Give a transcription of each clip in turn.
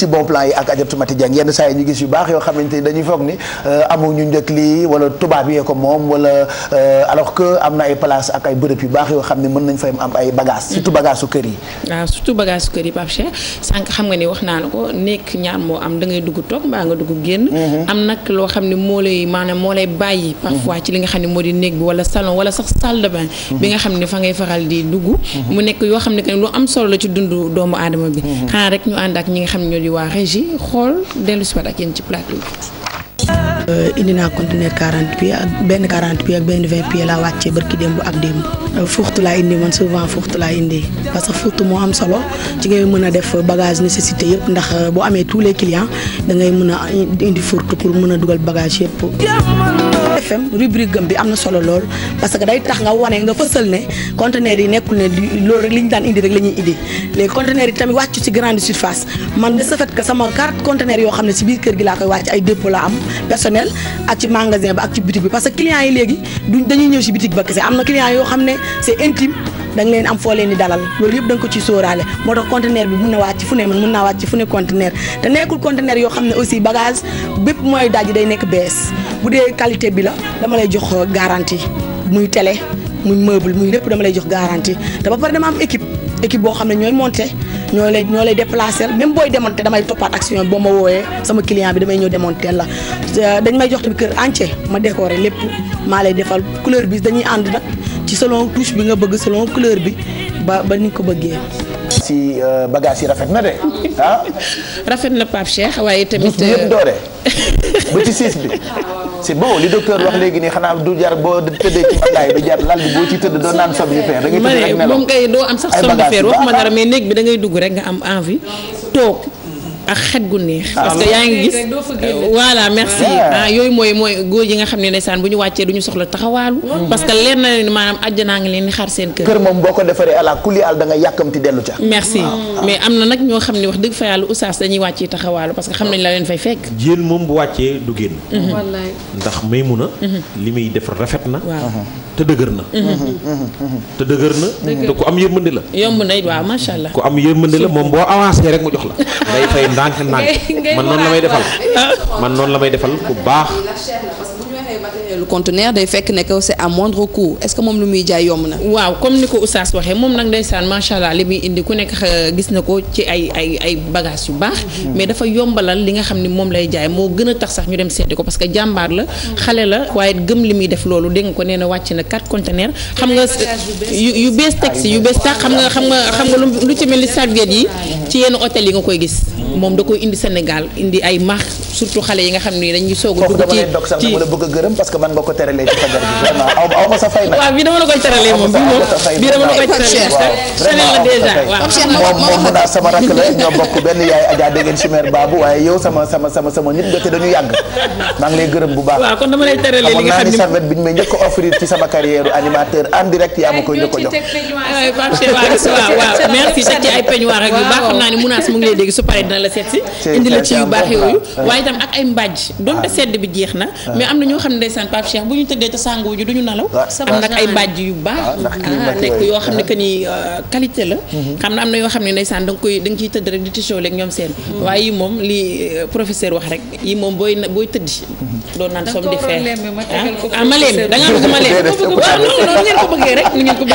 ci bon plan yi ak Adjaratou Mati Dieng yenn saa yi ñu gis yu baax yoo xamante ni euh, ñu njëkk lii wala tubaab yee ko moom wala euh, alors que am na ay place ak ay bërëb yu baax yoo xam ne mën nañ fa am ay bagage surtout bagage su kër yi waaw surtout bagage su kër yi Pape xam nga ni wax naa la ko nekk ñaar moo am da ngay dugg toog mbaa nga dugg génn mhm. am nag loo xam ne moo lay maanaam moo lay bàyyi parfois mhm. ci li nga xam ne moo di néeg bi wala salon wala sax salle de bain mhm. bi nga xam ne fa ngay faral di dugg mu nekk yoo xam ne que lu am solo la ci dund doomu aadama bi xanaa rek ñu ànd ak ñi nga xam ne di waa régie xool dellu si waat ak yéen ci plateau bi. Euh, indi naa conteneur 40 pieds ak benn 40 pieds ak benn 20 pieds laa wàccee barki démb ak démb euh, fuxtu laa indi man souvent fuxtu laa indi parce que fuxtu moo am solo ci ngay mën a def bagage nécessité yëpp ndax euh, boo amee tous les clients da ngay mën a indi fuxtu pour mën a dugal bagage yëpp. FM rubrique gëm bi am na solo lool parce que day tax nga wane nga fësal ne conteneur yi nekkul ne loolu rek li ñu daan indi rek la ñuy indi les conteneurs yi tam wàccu ci grande surface man de ce fait que sama yoo xam ne si biir kër gi laa koy wàcc ay dépôt personnel ak ci magasin ba ak ci boutique bi parce que clients yi léegi duñ dañuy ñëw si boutique ba kese am na clients yoo xam ne c'est intime da leen am foo leen di dalal loolu yëpp da nga ko ci sóoraale moo tax conteneur bi mun na wàcc fu ne man mun naa wàcc fu ne conteneur te nekkul conteneur yoo xam ne aussi bagage bépp mooy daj day nekk bees bu dee qualité bi la dama lay jox garantie muy télé muy meuble muy lépp dama lay jox garantie te ba pare dama am équipe équipe boo xam ne ñooy monter ñoo lay ñoo lay déplacé même booy demonte damay toppaat action boo ma wooyee sama client bi damay ñëw démonté la euh, dañ may jox tamit kër entier ma décoré lépp maa lay defal couleur bi dañuy ànd nag ci selon touche bi nga bëgg selon couleur bi ba ba ni ko bëggee. si euh, bagage yi rafet na de ah. rafet na Pape Cheikh waaye tamit. yëpp euh, ci siis bi. c'est bon li docteur wax léegi nii xanaa du jar boo tëddee ci magaay bi jar lal bi boo ci tëdd doo naan somnifère da ngay tëdd moom kay doo am sax somnifère waxuma dara mais néeg bi da dugg rek nga am envie toog ak xet gu neex. Ah, parce que yaa ngi merci. ah yooyu mooy mooy góor yi nga xam ne ndeysaan bu ñu wàccee du ñu soxla taxawaalu. parce que leen na leen maanaam àjjanaa ngi leen di xaar seen kër. kër moom boo ko defaree ala kulli al da yàkkamti dellu ca. merci ah. mais am na nag ñoo xam ne wax dëgg fa yàlla oustaz dañuy wàccee taxawaalu parce que xam nañ la leen fay fekk. jéel moom bu wàccee du génn. Mhm. wallaay ndax may mun a. Mhm. li muy def rafet na. Mhm. te dëgër na. te dëgër na. te ku am yërmande la. yomb ndànk ndànk man noonu la may defal man noonu la may defal bu baax. matériel conteneur day fekk ne que c'est à moindre est-ce que moom lu muy jaay yomb na. waaw comme ni ko Oustaz waxee moom nag ndeysaan macha allah li muy indi ku nekk euh, gis na ko ci ay ay ay bagages yu baax. Mm-hmm. mais dafa yombalal li nga xam ni moom lay jaay moo gën a tax sax ñu dem seeti ko parce que jàmbaar la. Mm-hmm. xale la waaye gëm li muy def loolu dégg ko nee na wàcc na quatre conteneurs. xam nga yu yu bees taxi yu bees tax xam nga xam nga xam nga lu ci mel ni serviette yi. ci yenn yi nga koy gis. moom da koy indi Sénégal indi ay max surtout xale yi nga xam ne dañuy soog a dugg ci ci dama la bëgg a gërëm parce que man nga ko teralee ci fajar bi vraiment aw ma sa fay nag waaw bii dama la koy teralee moom bii moom bii dama la la déjà mun naa sama rakk la ñoo bokk benn yaay Adja dégg ngeen baabu waaye yow sama sama sama nit nga te dañu yàgg maa lay gërëm bu baax waaw kon dama lay teralee li nga xam ne serviette bi ñu may njëkk a offrir ci sama carrière animateur en direct yaa ma koy njëkk a jox waaw waaw merci teg ci ay peignoir ak yu baax xam naa ne Mounass mu ngi lay dégg su la seet si indi la yu baax yooyu waaye itam ak ay mbàjj donte ah. sedd bi jeex na ah. mais am na ñoo xam ne ndeysaan Pape Cheikh bu ñu tëddee te sàngu ñu du ñu nalaw ah. am nag ay mbàjj yu baax nekk yoo xam ne que ni euh, qualité la mm-hmm. xam na am na yoo xam ne ndeysaan da da nga ciy tëdd rek di tisoo leeg ñoom seen mm-hmm. waaye yi moom li euh, professeur wax rek yi moom booy booy tëddi doon mm-hmm. naan somme di fer ah maleem da ngaa bëgg maleem waaw non noonu ngeen ko bëggee rek ni ngeen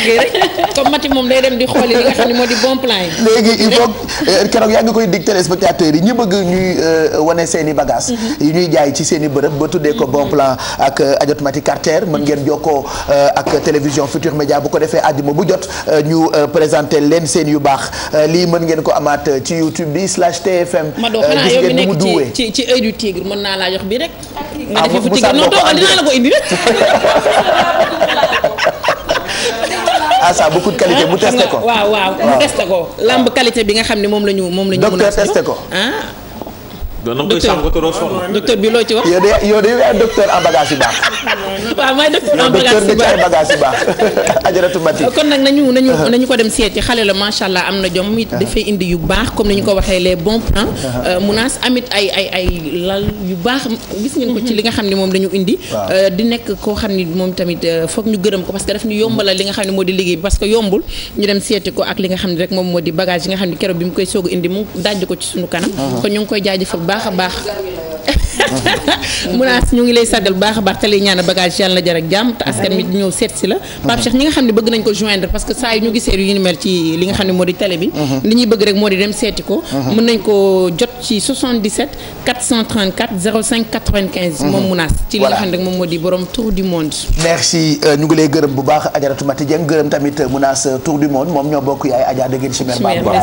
Mati moom day dem di xooli li nga xam ne moo di bon plan yi téléspectateurs yi ñi bëgg ñuy euh, wane seeni i bagages. Mhm. yi ñuy jaay ci seen i bërëb ba tuddee ko bon plan ak euh, ajot mati Carter mën ngeen jokkoo euh, ak télévision Futur Média bu ko defee ma bu jot ñu présenté leen seen yu baax lii mën ngeen ko amaat ci YouTube bi slash TFM. gis ngeen ni mu duwee ci ci œil du tigre mën naa laa jox bi rek. Ah, nga def fu tigre non toogal dinaa la ko indi ça beaucoup de qualité mu testé ko. waaw waaw mu testé ko. lamb qualité bi nga xam ne moom la ñu moom la ñu. mun a testé ko. Ah. docteur ah. bi loo ci wax. yow de yow de yaay docteur en bagage yu baax. waaw maay docteur en bagage yu baax kon nag nañu uh-huh. nañu ko dem seeti xale la macha allah am na jom it uh-huh. dafay indi yu baax comme ni ñu ko waxee les bons plans. Uh-huh. Euh, munaas amit ay ay ay lal yu baax gis ngeen ko ci li nga xam ni moom dañu indi. Euh, di nekk koo xam ni moom tamit euh, foog ñu gërëm ko parce que daf ñu yombalal li nga xam ne moo di liggéey parce que yombul ñu dem seeti ko ak li nga xam ne rek moom moo di bagage yi nga xam ne keroog bi mu koy soog indi mu daj ko ci suñu kanam baax a baax. munaas ñu ngi lay sargal baax a baax te lay ñaan bagage yàlla jar ak jàmm te mi ñëw seet la Pape ñi nga xam ne bëgg nañ ko joindre parce que saa yu ñu gisee yu ñu mel ci li nga xam ne moo di télé bi mhm. li ñuy bëgg rek moo di mhm. mhm. moo di borom tour du monde merci euh, ñu ngi lay gërëm bu baax Adjaratou Mati Dieng gërëm tamit euh, munaas euh, tour du monde moom ñoo bokk yaay Adja dëggeen chimère